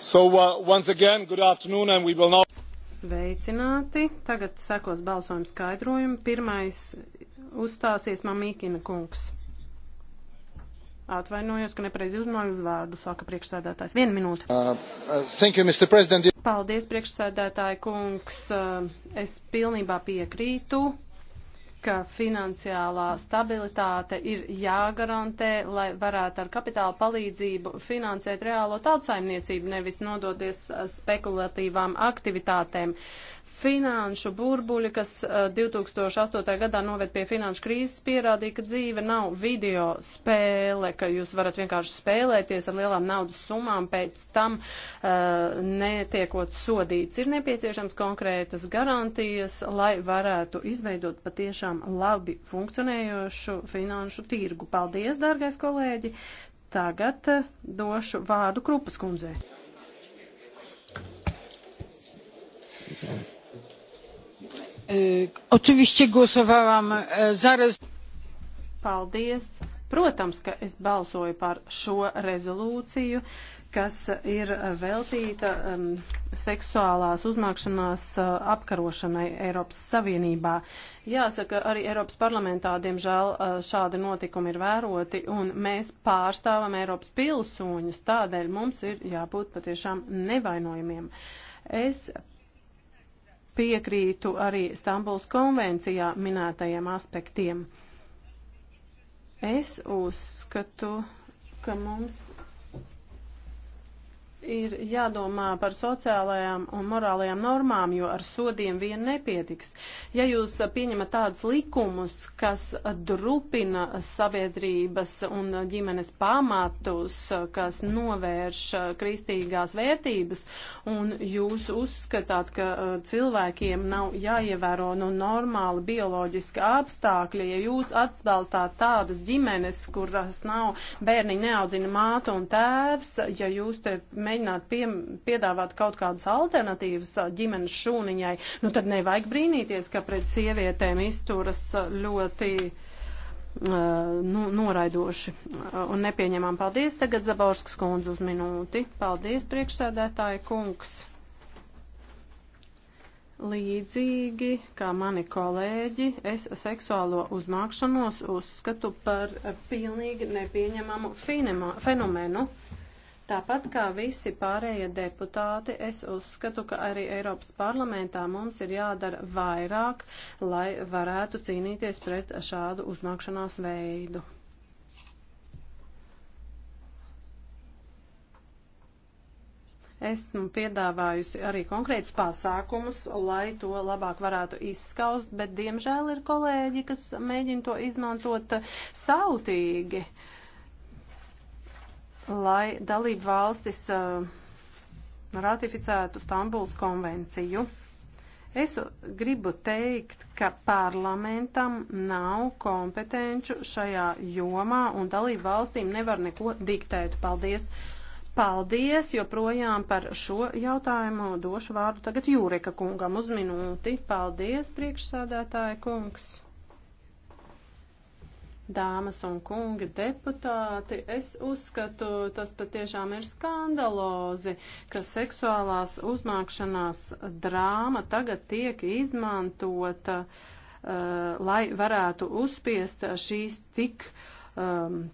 So, uh, once again, good afternoon, and we will now... Sveicināti. Tagad sekos balsojuma skaidrojumi. Pirmais uzstāsies Mamīkina kungs. Atvainojos, ka nepareizi uzrunāju uzvārdu, saka priekšsēdētājs. Vienu minūti. Uh, uh, thank you, Mr. President. Paldies, priekšsēdētāja kungs. Uh, es pilnībā piekrītu ka finansiālā stabilitāte ir jāgarantē, lai varētu ar kapitāla palīdzību finansēt reālo tautsaimniecību, nevis nodoties spekulatīvām aktivitātēm. Finanšu burbuļi, kas 2008. Uh, gadā noved pie finanšu krīzes, pierādīja, ka dzīve nav video spēle, ka jūs varat vienkārši spēlēties ar lielām naudas summām, pēc tam uh, netiekot sodīts. Ir nepieciešams konkrētas garantijas, lai varētu izveidot patiešām labi funkcionējošu finanšu tirgu. Paldies, dārgais kolēģi! Tagad uh, došu vārdu Krupas kundzei. E, oczywiście głosowałam e, za Paldies! Protams, ka es balsoju par šo rezolūciju, kas ir veltīta um, seksuālās uzmākšanās uh, apkarošanai Eiropas Savienībā. Jāsaka, arī Eiropas parlamentā, diemžēl, uh, šādi notikumi ir vēroti, un mēs pārstāvam Eiropas pilsoņus, tādēļ mums ir jābūt patiešām nevainojumiem. Es piekrītu arī Stambuls konvencijā minētajiem aspektiem. Es uzskatu, ka mums ir jādomā par sociālajām un morālajām normām, jo ar sodiem vien nepietiks. Ja jūs pieņemat tādus likumus, kas drupina sabiedrības un ģimenes pamatus, kas novērš kristīgās vērtības, un jūs uzskatāt, ka uh, cilvēkiem nav jāievēro nu, normāli bioloģiski apstākļi, ja jūs atbalstāt tādas ģimenes, kuras nav bērniņi neaudzina māte un tēvs, ja jūs te mēģināt mēģināt pie, piedāvāt kaut kādas alternatīvas ģimenes šūniņai, nu tad nevajag brīnīties, ka pret sievietēm izturas ļoti. Uh, nu, noraidoši un nepieņemam. Paldies tagad Zaborskas kundze uz minūti. Paldies priekšsēdētāja kungs. Līdzīgi kā mani kolēģi, es seksuālo uzmākšanos uzskatu par pilnīgi nepieņemamu fenomenu. Tāpat kā visi pārējie deputāti, es uzskatu, ka arī Eiropas parlamentā mums ir jādara vairāk, lai varētu cīnīties pret šādu uznākšanās veidu. Esmu piedāvājusi arī konkrētus pasākumus, lai to labāk varētu izskaust, bet diemžēl ir kolēģi, kas mēģina to izmantot sautīgi. Uh, lai dalību valstis uh, ratificētu Stambuls konvenciju. Es gribu teikt, ka parlamentam nav kompetenču šajā jomā un dalību valstīm nevar neko diktēt. Paldies! Paldies joprojām par šo jautājumu. Došu vārdu tagad Jūreka kungam uz minūti. Paldies, priekšsādātāja kungs! Dāmas un kungi deputāti, es uzskatu, tas patiešām ir skandalozi, ka seksuālās uzmākšanās drāma tagad tiek izmantota, uh, lai varētu uzspiest šīs tik um,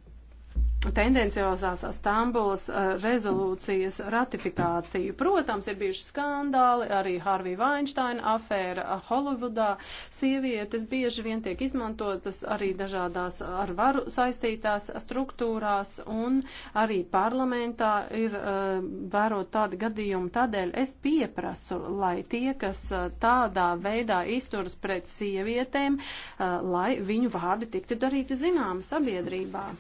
tendenciozās Stambulas eh, rezolūcijas ratifikāciju. Protams, ir bijuši skandāli, arī Harvija Vainsteina afēra Holivudā. Sievietes bieži vien tiek izmantotas arī dažādās ar varu saistītās struktūrās un arī parlamentā ir eh, vērot tādi gadījumi. Tādēļ es pieprasu, lai tie, kas eh, tādā veidā izturas pret sievietēm, lai viņu vārdi tiktu darīti zinām sabiedrībā.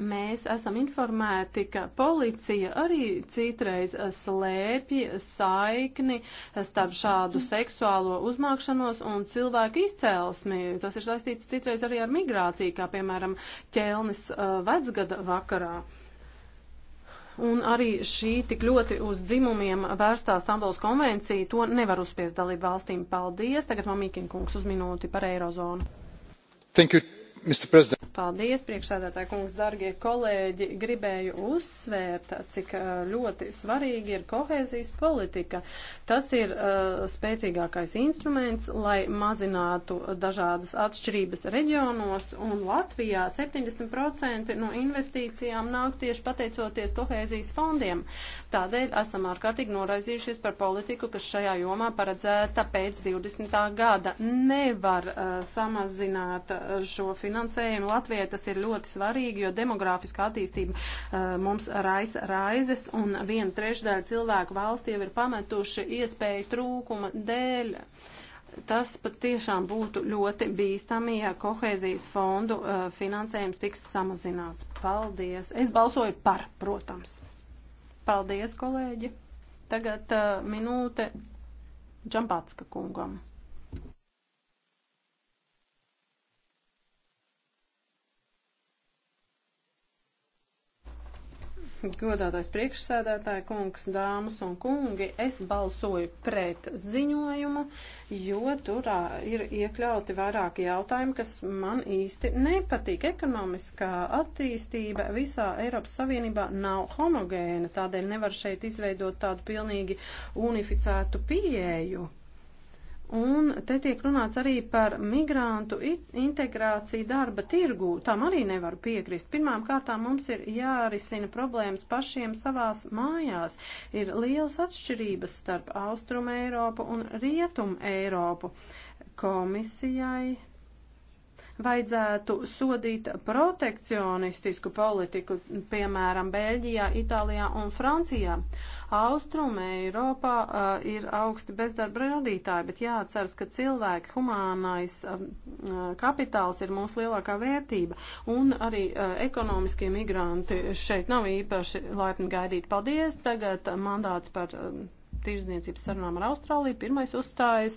Mēs esam informēti, ka policija arī citreiz slēpj saikni starp šādu seksuālo uzmākšanos un cilvēku izcēlesmi. Tas ir saistīts citreiz arī ar migrāciju, kā piemēram ķelnis uh, vecgada vakarā un arī šī tik ļoti uz dzimumiem vērstā Stambuls konvencija to nevar uzspies dalību valstīm. Paldies. Tagad man Mīkin kungs uz minūti par Eirozonu. Thank you, Mr. President. Paldies, priekšsēdētāji kungs, dargie kolēģi. Gribēju uzsvērt, cik ļoti svarīgi ir kohēzijas politika. Tas ir uh, spēcīgākais instruments, lai mazinātu dažādas atšķirības reģionos. Un Latvijā 70% no investīcijām nāk tieši pateicoties kohēzijas fondiem. Tādēļ esam ārkārtīgi noraizījušies par politiku, kas šajā jomā paredzēta pēc 20. gada. Nevar uh, samazināt šo finansējumu Latvijā Latvijai tas ir ļoti svarīgi, jo demografiska attīstība uh, mums raisa raizes, un viena trešdaļa cilvēku valstī jau ir pametuši iespēju trūkuma dēļ. Tas pat tiešām būtu ļoti bīstami, ja kohēzijas fondu uh, finansējums tiks samazināts. Paldies! Es balsoju par, protams. Paldies, kolēģi! Tagad uh, minūte Džambatska kungam. Godātais priekšsēdētāji, kungs, dāmas un kungi, es balsoju pret ziņojumu, jo tur ir iekļauti vairāki jautājumi, kas man īsti nepatīk. Ekonomiskā attīstība visā Eiropas Savienībā nav homogēna, tādēļ nevar šeit izveidot tādu pilnīgi unificētu pieeju. Un te tiek runāts arī par migrantu integrāciju darba tirgū. Tam arī nevaru piekrist. Pirmām kārtām mums ir jārisina problēmas pašiem savās mājās. Ir lielas atšķirības starp Austrumu Eiropu un Rietumu Eiropu. Komisijai vajadzētu sodīt protekcionistisku politiku, piemēram, Bēļģijā, Itālijā un Francijā. Austrumē Eiropā uh, ir augsti bezdarba rādītāji, bet jāatceras, ka cilvēki, humānais um, uh, kapitāls ir mūsu lielākā vērtība, un arī uh, ekonomiskie migranti šeit nav īpaši laipni gaidīti. Paldies! Tagad mandāts par. Uh, Tirzniecības sarunām ar Austrāliju pirmais uzstājas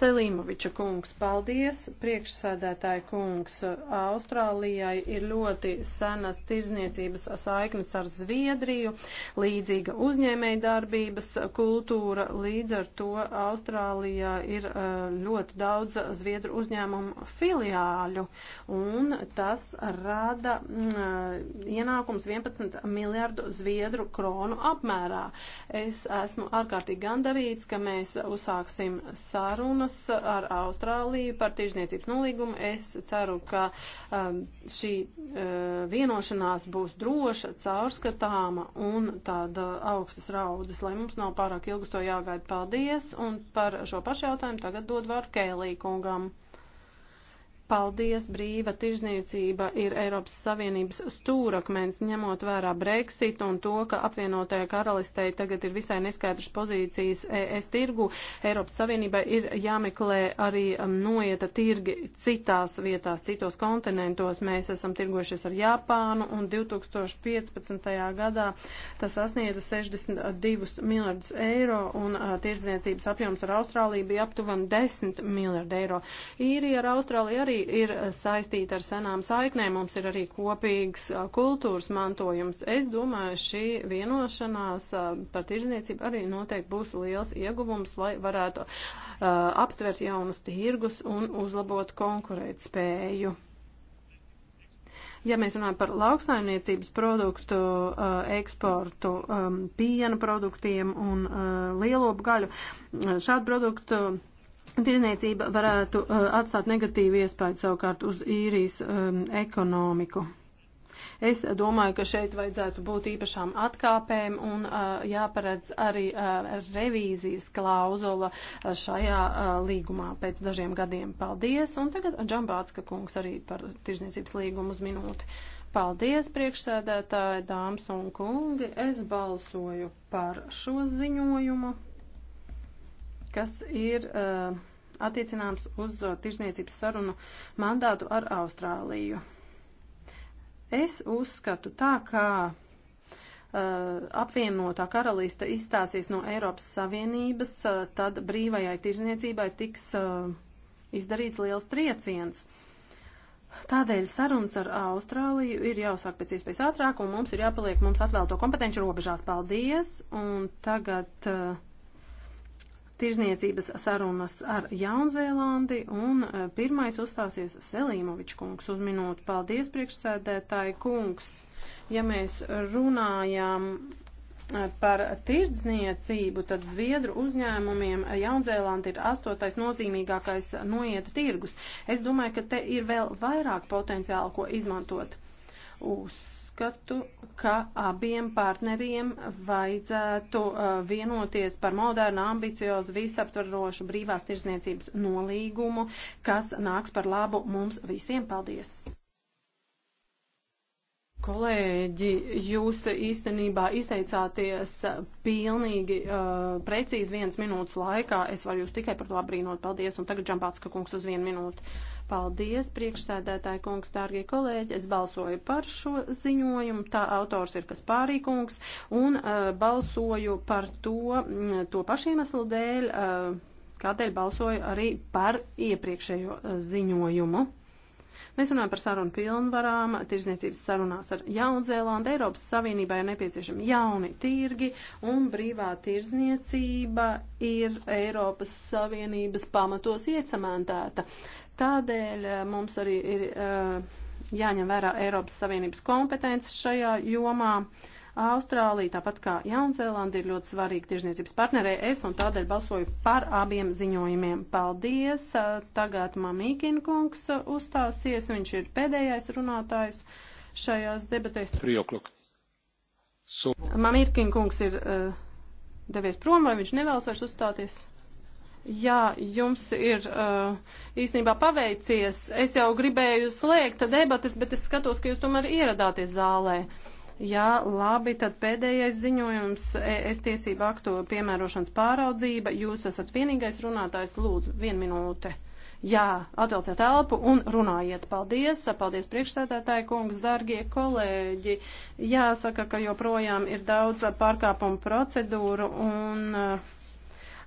Selīmoviča kungs, paldies, priekšsēdētāja kungs. Austrālijai ir ļoti senas tirzniecības saiknes ar Zviedriju, līdzīga uzņēmēja darbības kultūra, līdz ar to Austrālijā ir uh, ļoti daudz Zviedru uzņēmumu filiāļu, un tas rada mm, uh, ienākums 11 miljardu Zviedru kronu apmērā. Es esmu ārkārtīgi gandarīts, ka mēs uzsāksim sarunu sarunas ar Austrāliju par tirzniecības nolīgumu. Es ceru, ka um, šī uh, vienošanās būs droša, caurskatāma un tāda augstas raudzes, lai mums nav pārāk ilgas to jāgaida. Paldies! Un par šo pašu jautājumu tagad dod varu Kēlī kungam. Paldies, brīva tirzniecība ir Eiropas Savienības stūrakmens, ņemot vērā Brexit un to, ka apvienotajā karalistē tagad ir visai neskaidrs pozīcijas ES tirgu. Eiropas Savienībai ir jāmeklē arī um, noieta tirgi citās vietās, citos kontinentos. Mēs esam tirgojušies ar Japānu un 2015. gadā tas sasniedza 62 miljardus eiro un uh, tirdzniecības apjoms ar Austrāliju bija aptuveni 10 miljardi eiro. Īrija ar Austrāliju arī arī ir eh, saistīta ar senām saiknēm, mums ir arī kopīgs eh, kultūras mantojums. Es domāju, šī vienošanās eh, par tirzniecību arī noteikti būs liels ieguvums, lai varētu uh, aptvert jaunus tirgus un uzlabot konkurētspēju. Ja mēs runājam par lauksaimniecības produktu uh, eksportu, um, piena produktiem un uh, lielopu gaļu, šādu produktu Tirniecība varētu uh, atstāt negatīvu iespēju savukārt uz īrijas um, ekonomiku. Es domāju, ka šeit vajadzētu būt īpašām atkāpēm un uh, jāparedz arī uh, revīzijas klauzula uh, šajā uh, līgumā pēc dažiem gadiem. Paldies! Un tagad Džambātska kungs arī par tirzniecības līgumu uz minūti. Paldies, priekšsēdētāji, dāmas un kungi! Es balsoju par šo ziņojumu, kas ir. Uh, attiecināms uz uh, tirzniecības sarunu mandātu ar Austrāliju. Es uzskatu tā, kā Uh, apvienotā karalista izstāsies no Eiropas Savienības, uh, tad brīvajai tirzniecībai tiks uh, izdarīts liels trieciens. Tādēļ sarunas ar Austrāliju ir jāuzsāk pēc iespējas ātrāk, un mums ir jāpaliek mums atvēlto kompetenci robežās. Paldies! Un tagad uh, tirzniecības sarunas ar Jaunzēlandi, un eh, pirmais uzstāsies Selīmovičs kungs uz minūtu. Paldies, priekšsēdētāji kungs! Ja mēs runājām eh, par tirdzniecību, tad Zviedru uzņēmumiem Jaunzēlanda ir astotais nozīmīgākais noieta tirgus. Es domāju, ka te ir vēl vairāk potenciāla, ko izmantot uzskatu, ka abiem partneriem vajadzētu uh, vienoties par modernu, ambiciozu, visaptvarošu brīvās tirzniecības nolīgumu, kas nāks par labu mums visiem. Paldies! Kolēģi, jūs īstenībā izteicāties pilnīgi uh, precīzi vienas minūtes laikā. Es varu jūs tikai par to apbrīnot. Paldies. Un tagad Džambātska kungs uz vienu minūti. Paldies, priekšsēdētāji kungs, dārgie kolēģi. Es balsoju par šo ziņojumu. Tā autors ir kas pārī kungs. Un uh, balsoju par to, m, mm, to pašiem eslu dēļ, uh, kādēļ balsoju arī par iepriekšējo uh, ziņojumu. Mēs runājam par sarunu pilnvarām, tirzniecības sarunās ar Jaunzēlandu. Eiropas Savienībai ir nepieciešami jauni tirgi, un brīvā tirzniecība ir Eiropas Savienības pamatos iecementēta. Tādēļ eh, mums arī ir eh, jāņem vērā Eiropas Savienības kompetences šajā jomā. Uh, Austrālija, tāpat kā Jaunzēlanda, ir ļoti svarīgi tirzniecības partnerē. Es un tādēļ balsoju par abiem ziņojumiem. Paldies! Tagad Mamīkina kungs uzstāsies, viņš ir pēdējais runātājs šajās debatēs. So... Mamīkina kungs ir uh, devies prom, vai viņš nevēlas vairs uzstāties? Jā, jums ir uh, īstenībā paveicies. Es jau gribēju slēgt debatas, bet es skatos, ka jūs tomēr ieradāties zālē. Uh, Jā, labi, tad pēdējais ziņojums es tiesību aktu piemērošanas pāraudzība. Jūs esat vienīgais runātājs, lūdzu, vienu minūte. Jā, atvelciet elpu un runājiet. Paldies, paldies priekšsēdētāji kungs, dargie kolēģi. Jāsaka, ka joprojām ir daudz pārkāpumu procedūru un. Uh,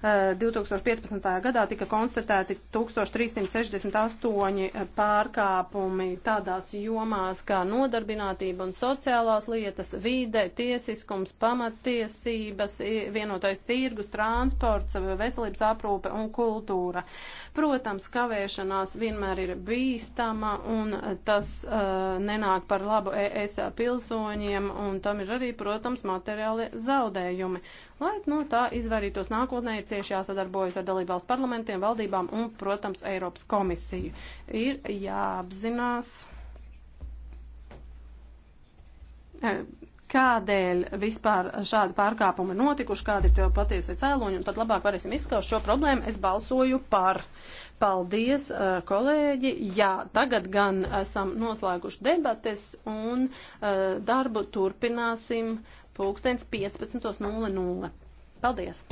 2015. Eh, gadā tika konstatēti 1368 eh, pārkāpumi tādās jomās kā nodarbinātība un sociālās lietas, vide, tiesiskums, pamattiesības, vienotais tirgus, transports, eh, veselības aprūpe un kultūra. Protams, kavēšanās vienmēr ir bīstama un tas uh, nenāk par labu ES pilsoņiem un tam ir arī, protams, materiāli zaudējumi. Lai no tā izvairītos nākotnē, ir cieši jāsadarbojas ar dalībvalstu parlamentiem, valdībām un, protams, Eiropas komisiju. Ir jāapzinās, e, kādēļ vispār šādi pārkāpumi ir notikuši, kādi ir to patiesie cēloņi, un tad labāk varēsim izskaust šo problēmu. Es balsoju par. Paldies, e, kolēģi. Jā, tagad gan esam noslēguši debates un e, darbu turpināsim pulkstens 15.00. Paldies!